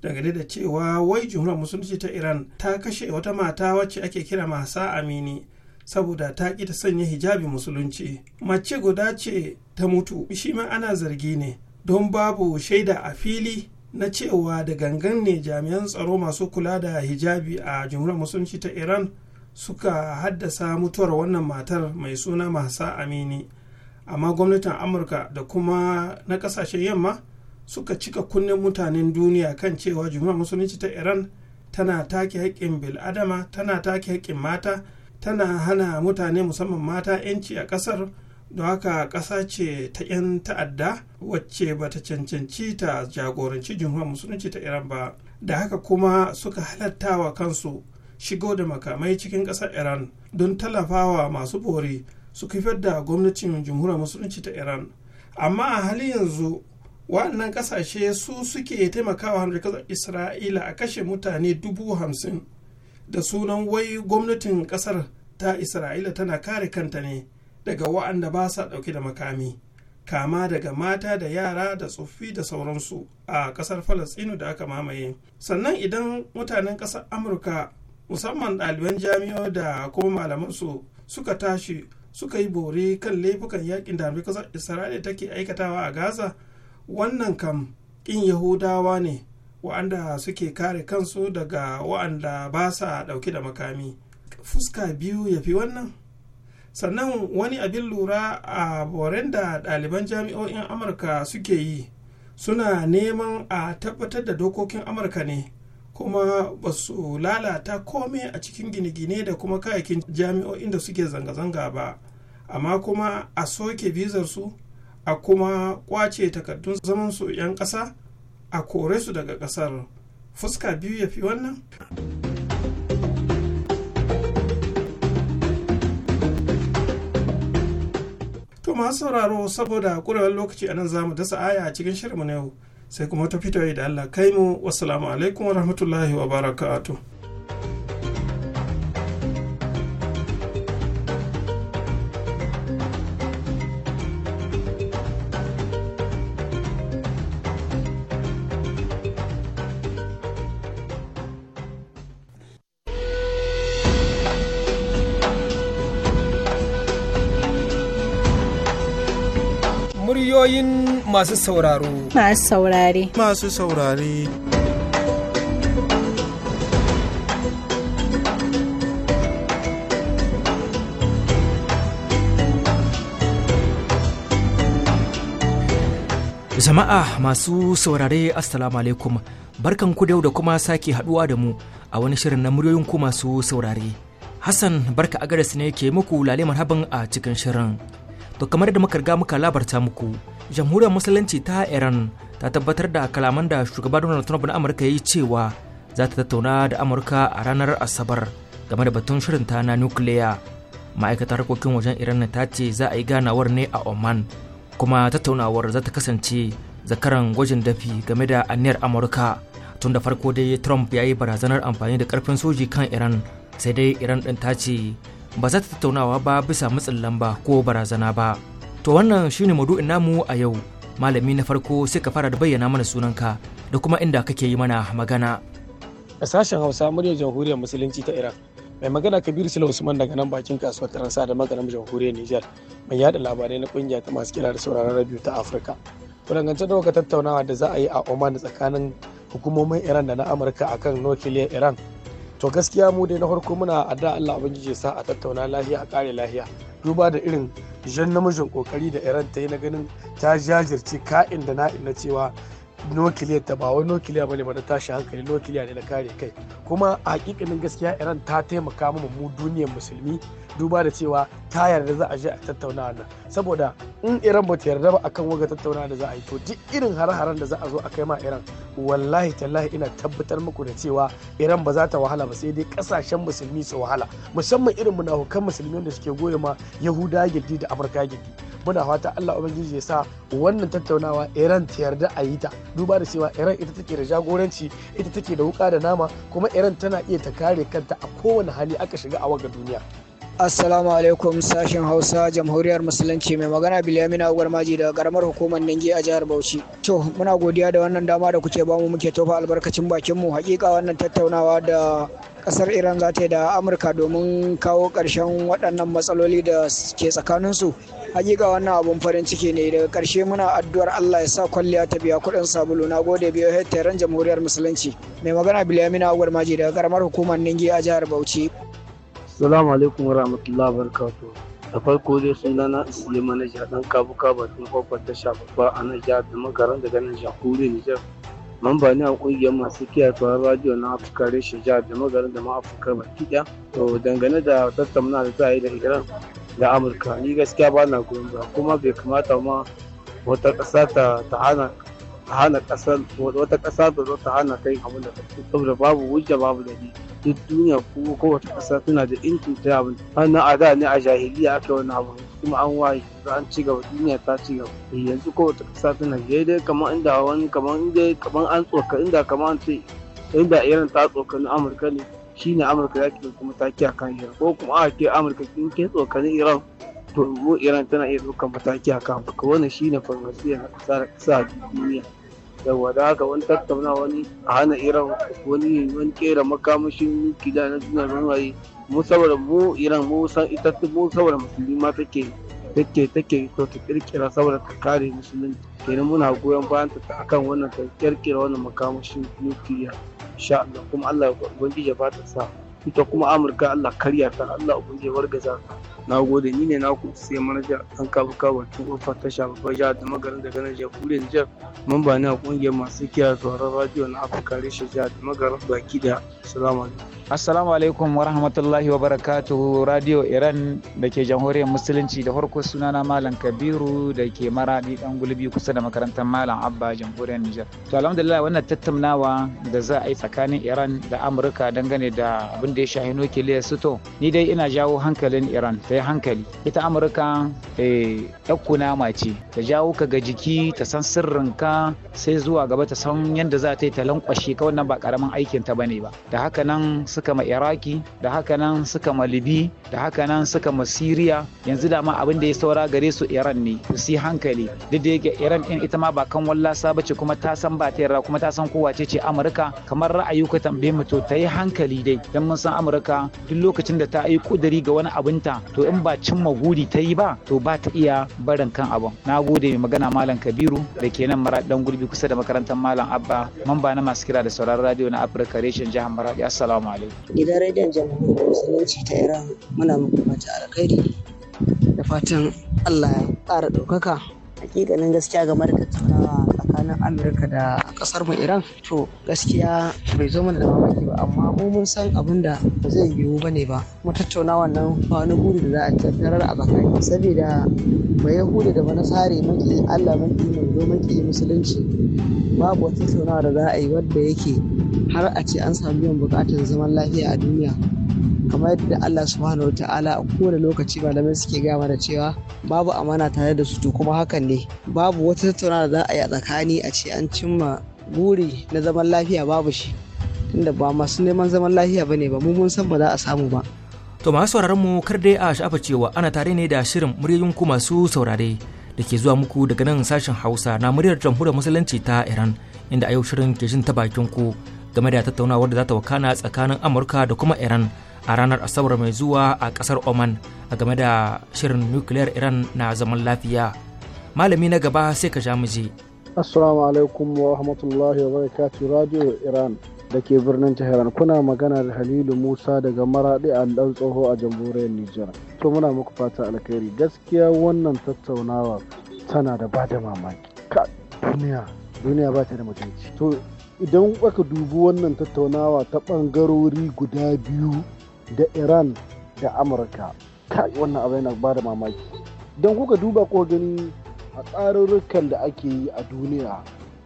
dangane da cewa wai jumhuriyar musulunci ta iran ta kashe wata mata wacce ake kira masa amini saboda ta ƙi ta sanya hijabi musulunci mace guda ce ta mutu shi ma ana zargi ne don babu shaida a fili na cewa da gangan ne jami'an tsaro masu kula da hijabi a jumhuriyar musulunci ta iran suka haddasa mutuwar wannan matar mai suna masa amini amma gwamnatin amurka da kuma na kasashen yamma suka cika kunnen mutanen duniya kan cewa jumhuriyar musulunci ta iran tana take haƙƙin bil'adama tana take haƙƙin mata tana hana mutane musamman mata 'yanci a ƙasar da haka ƙasa ce ta 'yan ta'adda wacce ba ta cancanci ta jagoranci jumhuriyar musulunci ta iran ba da haka kuma suka halatta wa kansu shigo da makamai cikin ƙasar iran don tallafawa masu bori su kifar da gwamnatin jumhuriyar musulunci ta iran amma a halin yanzu wa'annan ƙasashe su suke taimakawa hamdar isra'ila a kashe mutane dubu hamsin da sunan wai gwamnatin ƙasar ta isra'ila tana kare kanta ne daga wa'anda ba sa ɗauke da makami kama daga mata da yara da tsoffi da sauransu a ƙasar falasɗinu da aka mamaye sannan idan mutanen ƙasar amurka musamman ɗaliban jami'o da kuma malamansu suka tashi suka yi bore kan laifukan yaƙin da ƙasar isra'ila take aikatawa a gaza wannan kam ƙin yahudawa ne wa'anda suke kare kansu daga wa'anda ba sa ɗauke da makami fuska biyu ya fi wannan sannan wani abin lura a boren da ɗaliban jami'o'in amurka suke yi suna neman a tabbatar da dokokin amurka ne kuma ba su lalata komai a cikin gine-gine da kuma kayakin jami'o'in da suke zanga-zanga ba amma kuma a soke bizarsu a kuma kwace takardun zaman su 'yan kasa a kore su daga kasar fuska biyu ya fi wannan to masu sauraro saboda kurewar lokaci a nan zamu mu dasa aya a cikin shirinmu na yau sai kuma ta fito da Allah kai mu wassalamu alaikum wa rahmatullahi wa barakatuh Muryoyin masu sauraro. Masu saurare. Masu saurare. Jama'a masu saurare Assalamu alaikum barkan ku da kuma sake haduwa da mu a wani shirin na muryoyin ku masu saurare. Hassan barka agaris ne ke muku lale marhaban a cikin shirin. To kamar da muka riga muka labarta muku, jamhuriyar musulunci ta Iran ta tabbatar da kalaman da shugaba Donald Trump na Amurka ya yi cewa za ta tattauna da Amurka a ranar Asabar game da batun shirin ta na nukiliya. Ma'aikatar harkokin wajen Iran ta ce za a yi ganawar ne a Oman, kuma tattaunawar za ta kasance zakaran gwajin dafi game da aniyar Amurka. Tun da farko dai Trump ya yi barazanar amfani da karfin soji kan Iran, sai dai Iran ɗin ta ce ba za ta tattaunawa ba bisa matsin lamba ko barazana ba to wannan shine maudu'in namu a yau malami na farko sai ka fara da bayyana mana sunanka da kuma inda kake yi mana magana a sashen hausa muryar jamhuriyar musulunci ta iran mai magana kabiru Sula usman daga nan bakin kasuwar taransa da maganar jamhuriyar nijar mai yada labarai na kungiya ta masu kira da sauraron radio ta afirka dangance da waka tattaunawa da za a yi a oman tsakanin hukumomin iran da na amurka akan nukiliyar iran to gaskiya mu dai na farko muna adda Allah ubangiji sa a tattauna lahiya a kare lahiya duba da irin jan namijin kokari da Iran ta yi na ganin ta jajirce ka'in da na'in na cewa nukiliya ta ba wani nukiliya bane ba ta tashi hankali nukiliya ne na kare kai kuma a hakikanin gaskiya iran ta taimaka mu mu duniyar musulmi duba da cewa ta yarda za a je a tattauna nan saboda in iran ba ta yarda ba akan waga tattauna da za a yi to duk irin har haren da za a zo a kai ma iran wallahi tallahi ina tabbatar muku da cewa iran ba za ta wahala ba sai dai kasashen musulmi su wahala musamman irin munafukan musulmi da suke goya ma yahuda gidi da amurka gidi muna fata allah ubangiji ya sa wannan tattaunawa iran ta yarda a yi ta duba da cewa iran ita take da jagoranci ita take da wuka da nama kuma iran tana iya ta kare kanta a kowane hali aka shiga a waga duniya Assalamu alaikum sashen Hausa Jamhuriyar Musulunci mai magana Bilyamin Agwar Maji daga karamar hukumar Ninge a jihar Bauchi. To muna godiya da wannan dama da kuke bamu muke tofa albarkacin bakin mu hakika wannan tattaunawa da kasar iran za ta yi da amurka domin kawo karshen waɗannan matsaloli da ke tsakaninsu hakika wannan abun farin ciki ne daga karshe muna addu'ar allah ya sa kwalliya ta biya kuɗin sabulu na gode biyo ran jamhuriyar musulunci mai magana bilyamina agwar maji daga karamar hukumar ningi a jihar bauchi salamu alaikum wa warahmatullahi wabarakatuh da farko dai suna na islima na dan kabuka batun kofar ta shafafa a nan jihar da magaran daga nan nijar mamba ne a kungiyar masu kiyaye tsoron radio na afirka reshe jihar da magarin da ma afirka baki ɗaya. to dangane da tattauna da za a yi da iran da amurka ni gaskiya ba na goyon ba kuma bai kamata ma wata ƙasa ta hana ƙasar ta zo ta hana kai abin da ta saboda babu hujja babu dalili duk duniya ko wata ƙasa tana da injin ta abin hannun a da ne a jahiliya aka yi wani abu kuma an waye za a ci gaba duniya ta ci gaba eh, yanzu kowace kasa tana dai kamar inda wani kamar inda kamar an tsoka inda kamar an ce inda iran ta tsoka na amurka ne shine amurka ya ke kuma ta kiya kan iran ko kuma a ke amurka kin ke tsokanin iran to iran tana iya tsoka mataki a kan amurka wannan shine ne kasa da kasa a duniya yawa da haka wani tattauna wani a hana iran wani wani kera makamashin kida na suna runwaye mu saboda mu iran mu san ita mu saboda musulmi ma take take take to ta kirkira saboda ta kare musulmi kenan muna goyon bayan ta akan wannan ta kirkira wannan makamashin nukiliya insha Allah kuma Allah ya ubangiji ya ba ta sa ita kuma amurka allah karya ta allah ubangiji wargaza na gode ni ne na ku sai manaja an kafa kabu tun urfa ta shafa jihar da magarin daga da jamhuriyar nijar ba ni a kungiyar masu kiyaye tsoron radio na afirka reshe jihar da magarin baki da salamu alaikum assalamu alaikum wa rahmatullahi wa barakatuhu radio iran da ke jamhuriyar musulunci da farko sunana malam kabiru da ke maradi dan gulbi kusa da makarantar malam abba jamhuriyar nijar to alhamdulillah wannan tattaunawa da za a yi tsakanin iran da amurka dangane da abin da ya shahi nukiliyar su ni dai ina jawo hankalin iran ta yi hankali ita amurka ya eh, kunama ce ta jawo ka ga jiki ta san sirrinka sai zuwa gaba ta san yadda za ta yi ta lankwashe ka wannan ba karamin aikin ta bane ba da haka nan suka ma iraki da haka nan suka ma libi da haka nan suka ma siriya yanzu dama abin da ya saura gare su iran ne su yi hankali duk da yake iran din ita ma ba kan wallasa ba ce kuma ta san ba ta yarda kuma ta san kowace ce amurka kamar ra'ayi ka tambaye mu to ta yi hankali dai dan mun kasan amurka duk lokacin da ta yi kuduri ga wani abinta to in ba cimma guri ta yi ba to ba ta iya barin kan abin na gode mai magana malam kabiru da ke nan maraɗin gurbi kusa da makarantar malam abba mamba na masu kira da sauraron radio na afirka reshen jihar maraɗi assalamu alaikum gidan rediyon jamhuriyar musulunci ta iran muna muku mata alkhairi da fatan allah ya ƙara ɗaukaka hakikanin gaskiya ga marka tattaunawa tsakanin amurka da kasar mu iran to gaskiya bai zo mana da mamaki ba amma mu mun san abin da ba zai yiwu ba ne ba mu tattauna wannan wani guri da za a tattarar a tsakani saboda ba yahudi da ba nasare maki allah maki manzo maki musulunci babu wata tattaunawa da za a yi wadda yake har a ce an samu biyan bukatar zaman lafiya a duniya kamar yadda Allah subhanahu wataala a kowane lokaci malamai suke gaya mana cewa babu amana tare da su to kuma hakan ne babu wata tattauna da za a yi a tsakani a ce an cimma buri na zaman lafiya babu shi tunda ba masu neman zaman lafiya ba ne ba mu mun san ba za a samu ba to masu sauraron mu kar dai a sha'afa cewa ana tare ne da shirin muryoyin ku masu saurare da ke zuwa muku daga nan sashen Hausa na muryar jamhuriyar musulunci ta Iran inda a yau shirin ke jin ta bakin ku game da tattaunawar da za ta wakana tsakanin Amurka da kuma Iran a ranar asabar mai zuwa a kasar oman a game da shirin nukiliyar iran na zaman lafiya malami na gaba sai ka sha assalamu alaikum wa rahmatullahi wa barakatu radio iran da ke birnin tehran kuna magana da halilu musa daga maraɗi a ɗan tsoho a jamhuriyar nijar to muna muku fata alkhairi gaskiya wannan tattaunawa tana da ba da mamaki ka duniya duniya ba ta da mutunci to idan aka dubi wannan tattaunawa ta ɓangarori guda biyu da iran da amurka kai wannan abu yana ba da mamaki don kuka duba ko gani a tsarurrukan da ake yi a duniya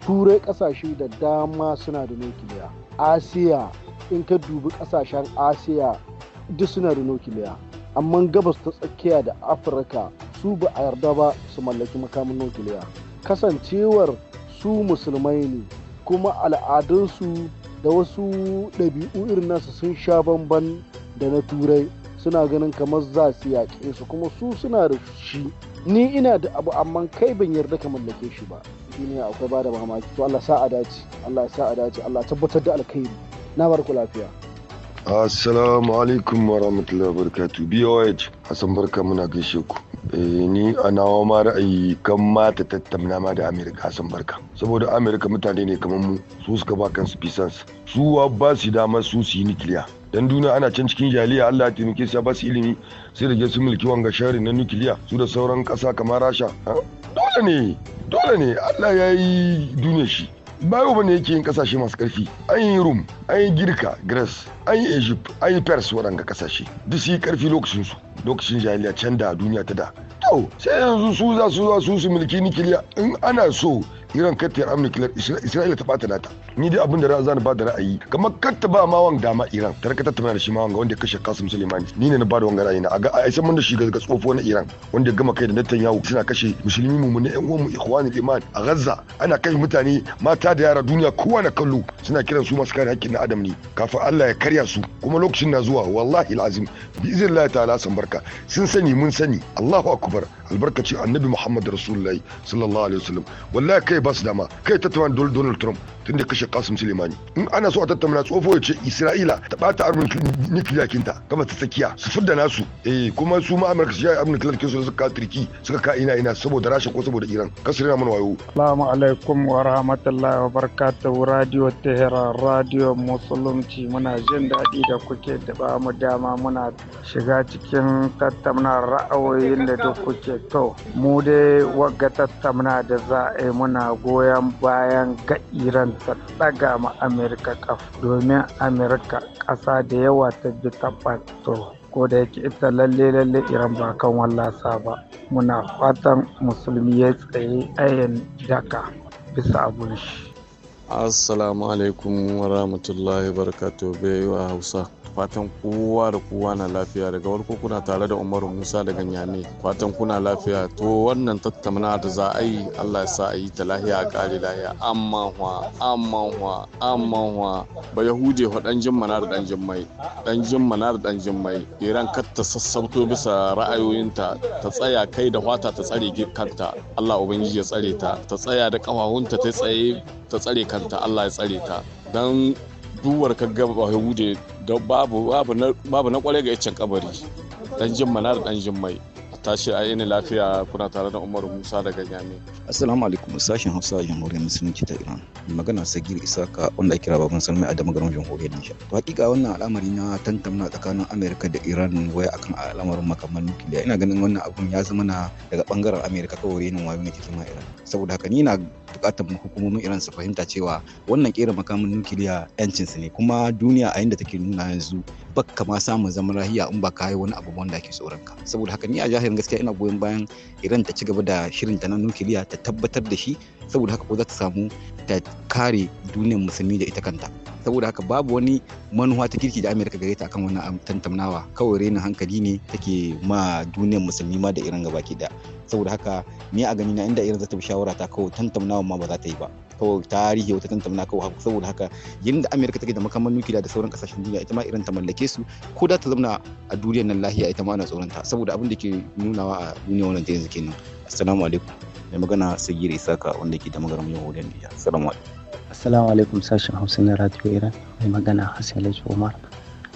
turai kasashe da dama suna da nukiliya asiya in ka dubi kasashen asiya duk suna da nukiliya amma gabas ta tsakiya da afirka su ba a yarda ba su mallaki makamin nukiliya kasancewar su musulmai ne kuma al'adunsu da wasu ɗabi'u irin nasu sun sha bamban da na turai suna ganin kamar za su yaƙe su kuma su suna da shi ni ina da abu amma kai ban yarda ka mallake shi ba ne akwai ba da mamaki to Allah sa a dace Allah sa a dace Allah tabbatar da alkhairi na bar ku lafiya assalamu alaikum wa rahmatullahi wa barakatuh BOH Hassan barka muna gaishe ku eh, ni a nawa ma ra'ayi kan ma ta tattauna ma da Amerika Hassan barka saboda Amerika mutane ne kamar mu su suka ba kansu pisans su ba su dama su su yi nukiliya dan duniya ana can cikin jaliya Allah ya taimake su ya ba su ilimi sai da su mulki wanga shari na nukiliya su da sauran kasa kamar Rasha dole ne dole ne Allah ya yi duniya shi bayo bane yake yin kasashe masu karfi an yi rum an yi girka gres an yi egypt an yi pers waɗanga kasashe duk su yi karfi lokacin su lokacin jahiliya can da duniya ta da yau sai yanzu su za su za su su mulki nikiliya in ana so iran kar ta isra'ila ta bata nata ni dai abin da ra'a zan da ra'ayi kamar katta ba ma wanga dama iran ta raka ta da shi ma wanga wanda ya kashe kasim suleimani ni ne na bada wanga ra'ayi na a ga mun da shi ga tsofo na iran wanda ya gama kai da yawo suna kashe musulmi mu ne yan uwan mu ikhwanul iman a gaza ana kai mutane mata da yara duniya kowa na kallo suna kiran su masu kare hakkin na adam ne kafin Allah ya karya su kuma lokacin na zuwa wallahi alazim bi iznillah ta'ala san barka sun sani mun sani Allahu akbar Jafar albarkaci annabi Muhammad Rasulullahi sallallahu alaihi wasallam wallahi kai ba su dama kai tattauna Donald Trump tun da kashe kasim sulemani in ana so a tattauna tsofo ya ce Isra'ila ta bata armin nuclear kinta Kama ta tsakiya su fidda nasu eh kuma su ma Amurka su yi armin nuclear kinsu suka ka turki suka ka ina ina saboda Rasha ko saboda Iran kasar yana mana wayo Assalamu alaikum wa rahmatullahi wa barakatuhu Radio Tehran Radio Musulunci muna jin daɗi da kuke da ba mu dama muna shiga cikin tattauna ra'ayoyin da duk kuke to mu dai wagga tattamna da za a yi muna goyon bayan ga iran ta daga ma amerika kaf domin amerika ƙasa da yawa ta bi to ko da yake ita lalle lalle iran ba kan wallasa ba muna fatan musulmi ya tsaye ayin daka bisa abun shi assalamu alaikum wa rahmatullahi barkatu bai wa hausa fatan kowa da kowa na lafiya daga warko kuna tare da umaru musa daga nyame fatan kuna lafiya to wannan tattauna da za a yi allah ya sa a yi ta lahiya a kare lahiya amma hwa amma hwa amman hwa ba yahude fa dan jin mana da dan jin mai dan jin mana da dan jin mai iran kar ta sassauto bisa ra'ayoyinta ta tsaya kai da fata ta tsare kanta allah ubangiji ya tsare ta ta tsaya da kafafunta ta tsaye ta tsare kanta allah ya tsare ta dan duwar ka gaba ba da babu na kwarai ga iccen kabari dan jin mana da dan jin mai tashi a yini lafiya kuna tare da Umaru Musa daga nyami. Assalamu alaikum sashen Hausa Jamhuriyar Musulunci ta Iran. Magana Sagir Isaka wanda ake kira baban Salmai a damagaran Jamhuriyar Nijar. To hakika wannan al'amari na tantamna tsakanin Amerika da Iran waya akan al'amarin makaman nukiliya. Ina ganin wannan abun ya zama na daga bangaren Amerika kawai renin wayo ne cikin Iran. Saboda haka ni na bukatar hukumomin Iran su fahimta cewa wannan kera makaman nukiliya yancin su ne kuma duniya a yanda take nuna yanzu baka ma samun zama lahiya in ba yi wani abu wanda ake tsoron ka saboda haka ni a jahilin gaskiya ina goyon bayan iran ta ci gaba da shirin ta na nukiliya ta tabbatar da shi saboda haka ko za ta samu ta kare duniyar musulmi da ita kanta saboda haka babu wani manuwa ta kirki da amerika gare ta akan wani tantamnawa kawai renin hankali ne take ma duniyar musulmi ma da iran gabaki da, saboda haka ni a gani na inda iran za ta bi shawara ta kawai tantamnawa ma ba za ta yi ba kawai tarihi wata na kawai saboda haka yadda amurka take da makaman nukiliya da sauran kasashen duniya ita ma irin ta mallake su ko da ta zauna a duniyar nan lahiya ita ma ana tsoron ta saboda abin da ke nunawa a duniya wannan ta yanzu kenan assalamu alaikum mai magana sagira isaka wanda ke da magaram yahudiyar biya assalamu alaikum assalamu alaikum sashen hausa na radio iran mai magana hassan alhaji umar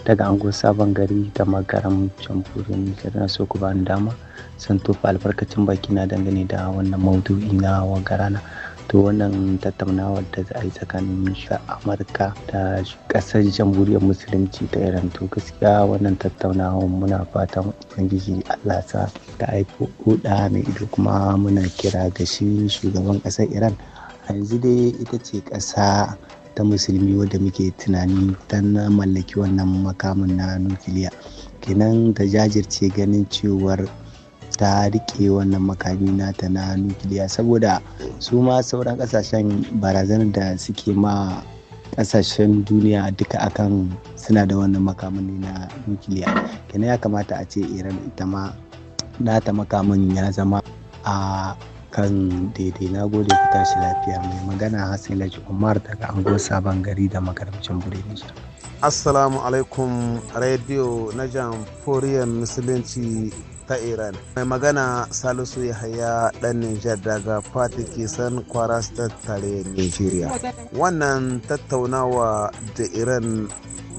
daga angon sabon gari da magaram jamhuriyar nijar na soko ku dama san tofa albarkacin baki na dangane da wannan maudu'i na wagarana to wannan tattaunawar da za a yi tsakanin amurka da kasar jamhuriyar musulunci ta iran to gaskiya wannan tattaunawar muna fatan ubangiji allah sa ta aiko huda mai ido kuma muna kira ga shi shugaban ƙasar iran a yanzu dai ita ce ƙasa ta musulmi wadda muke tunani ta mallaki wannan makamin na nukiliya kenan ta jajirce ganin cewar ta rike wannan makami nata na nukiliya saboda su ma sauran kasashen barazanar da suke ma kasashen duniya duka akan suna da wannan makamin na nukiliya kenan ya kamata a ce iran ita ma nata makamin ya zama a kan daidai na gode ku tashi lafiya mai magana hasan laji umar daga angon sabon gari da makarantun bure assalamu alaikum radio na jamhuriyar musulunci ta iran mai magana salisu yahaya dan nijar daga fati kisan kwara state tare nigeria wannan tattaunawa da iran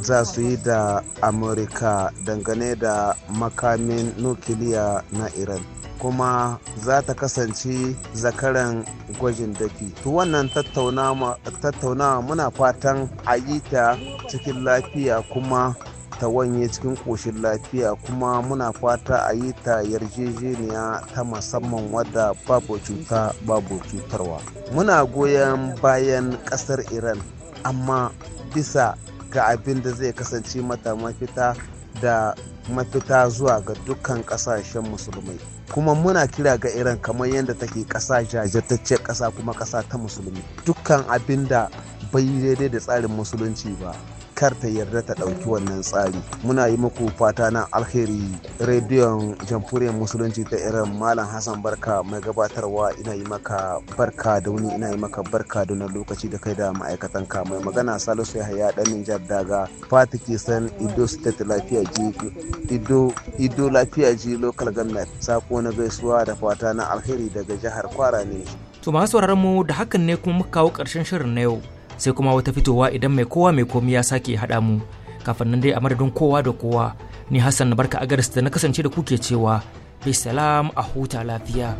za su yi da amurka dangane da makamin nukiliya na iran kuma za ta kasance zakaran gwajin dafi to wannan tattaunawa muna fatan a yi ta cikin lafiya kuma ta wanye cikin ƙoshin lafiya kuma muna fata a yi ta yarjejeniya ta musamman wadda babu cuta babu cutarwa muna goyon bayan ƙasar iran amma bisa ga abin da zai kasance mata mafita da mafita zuwa ga dukkan ƙasashen musulmai kuma muna kira ga iran kamar yadda take ƙasa jajirtacciyar ƙasa kuma ƙasa ta musulmi dukkan abin da bai daidai da tsarin musulunci ba kar ta yarda ta ɗauki wannan tsari muna yi muku fata na alheri rediyon jamhuriyar musulunci ta irin malam hassan barka mai gabatarwa ina yi maka barka da wuni ina yi maka barka da wani lokaci da kai da ma'aikatan ka mai magana salisu yahaya dan nijar daga fatikisan ido state lafiya ji ido ido lafiya ji local government sako na gaisuwa da fata na alheri daga jihar kwara ne to masu sauraron mu da hakan ne kuma muka kawo ƙarshen shirin na yau sai kuma wata fitowa idan mai kowa mai komi ya sake haɗa mu kafin nan dai a madadin kowa da kowa ni hassan na barka agaris da na kasance da kuke cewa bisalam a huta lafiya.